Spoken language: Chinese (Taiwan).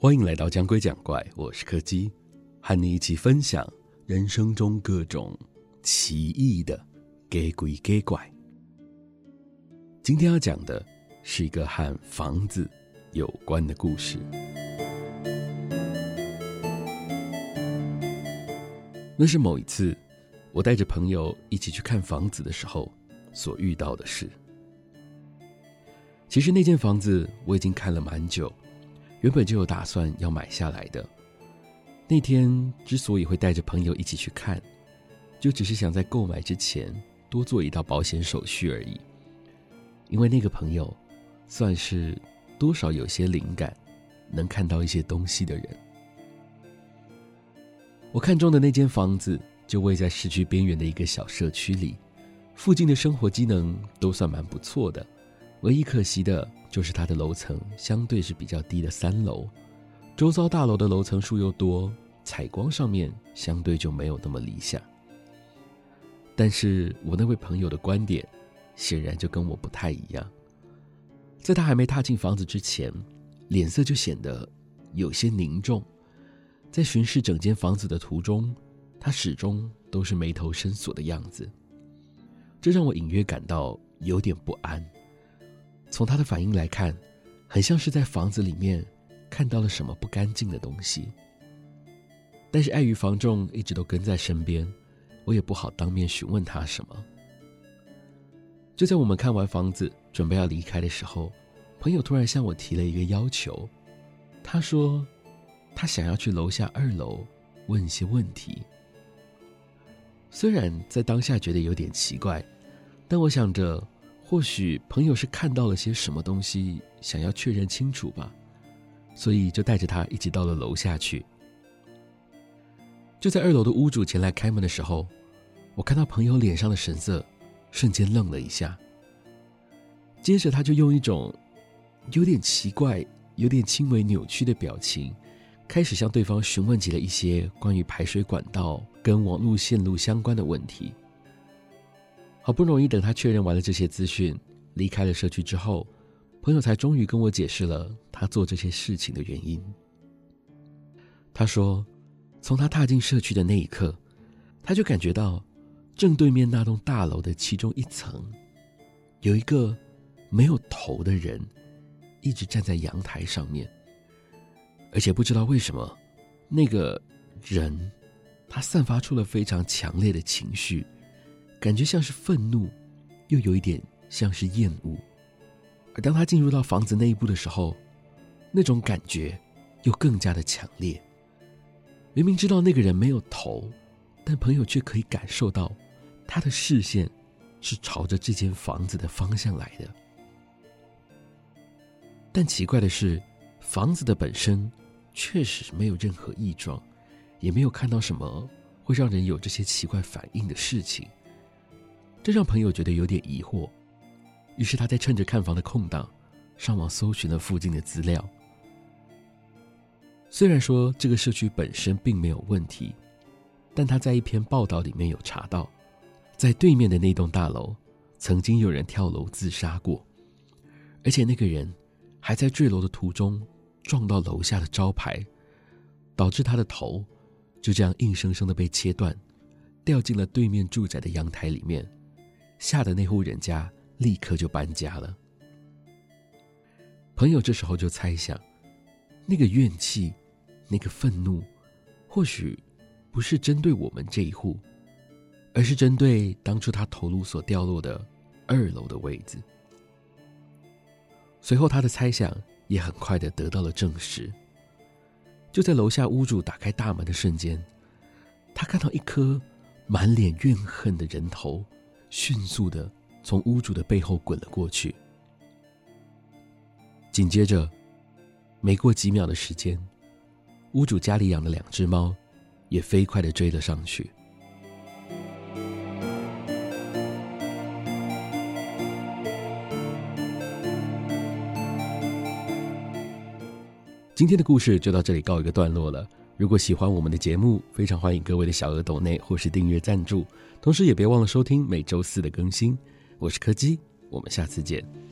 歡迎來到講鬼講怪，我是柯基，和你一起分享人生中各種奇異的假鬼假怪。今天要講的是一個和房子有關的故事。那是某一次，我帶着朋友一起去看房子的時候所遇到的事。其實那間房子我已經看了蠻久。原本就有打算要買下來的。那天之所以會帶着朋友一起去看，就只是想在購買之前多做一道保險手續而已。因為那個朋友算是多少有些靈感，能看到一些東西的人。我看中的那間房子就位在市區邊緣的一個小社區裡，附近的生活機能都算蠻不錯的。唯一可惜的就是它的樓層相對是比較低的三樓，周遭大樓的樓層數又多，採光上面相對就沒有那麼理想。但是我那位朋友的觀點，顯然就跟我不太一樣。在他還沒踏進房子之前，臉色就顯得有些凝重。在巡視整間房子的途中，他始終都是眉頭深鎖的樣子，這讓我隱約感到有點不安。從他的反應來看，很像是在房子裡面看到了什麼不乾淨的東西。但是礙於房仲一直都跟在身邊，我也不好當面詢問他什麼。就在我們看完房子準備要離開的時候，朋友突然向我提了一個要求，他說他想要去樓下二樓問一些問題。雖然在當下覺得有點奇怪，但我想着。或許朋友是看到了些什麼東西，想要確認清楚吧，所以就帶着他一起到了樓下去。就在二樓的屋主前來開門的時候，我看到朋友臉上的神色，瞬間愣了一下。接着，他就用一種有點奇怪、有點輕微扭曲的表情，開始向對方詢問起了一些關於排水管道跟網絡線路相關的問題。好不容易等他確認完了這些資訊，離開了社區之後，朋友才終於跟我解釋了他做這些事情的原因。他說，從他踏進社區的那一刻，他就感覺到正對面那棟大樓的其中一層，有一個沒有頭的人一直站在陽台上面，而且不知道為什麼，那個人他散發出了非常強烈的情緒。感覺像是憤怒，又有一點像是厭惡，而當他進入到房子內部的時候，那種感覺又更加的強烈。明明知道那個人沒有頭，但朋友卻可以感受到他的視線是朝着這間房子的方向來的。但奇怪的是，房子的本身確實沒有任何異狀，也沒有看到什麼會讓人有這些奇怪反應的事情。這讓朋友覺得有點疑惑，於是他在趁着看房的空檔，上網搜尋了附近的資料。雖然說這個社區本身並沒有問題，但他在一篇報道裡面有查到，在對面的那棟大樓，曾經有人跳樓自殺過，而且那個人還在墜樓的途中撞到樓下的招牌，導致他的頭就這樣硬生生的被切斷，掉進了對面住宅的陽台裡面。嚇得那戶人家立刻就搬家了。朋友這時候就猜想，那個怨氣，那個憤怒，或許不是針對我們這一戶，而是針對當初他頭顱所掉落的二樓的位置。隨後，他的猜想也很快的得到了證實。就在樓下屋主打開大門的瞬間，他看到一顆滿臉怨恨的人頭。迅速的從屋主的背後滾了過去。緊接着，沒過幾秒的時間，屋主家裡養的兩只貓，也飛快的追了上去。今天的故事就到這裡告一個段落了。如果喜歡我們的節目，非常歡迎各位的小額抖內或是訂閱贊助，同時也別忘了收聽每週四的更新。我是柯基，我們下次見。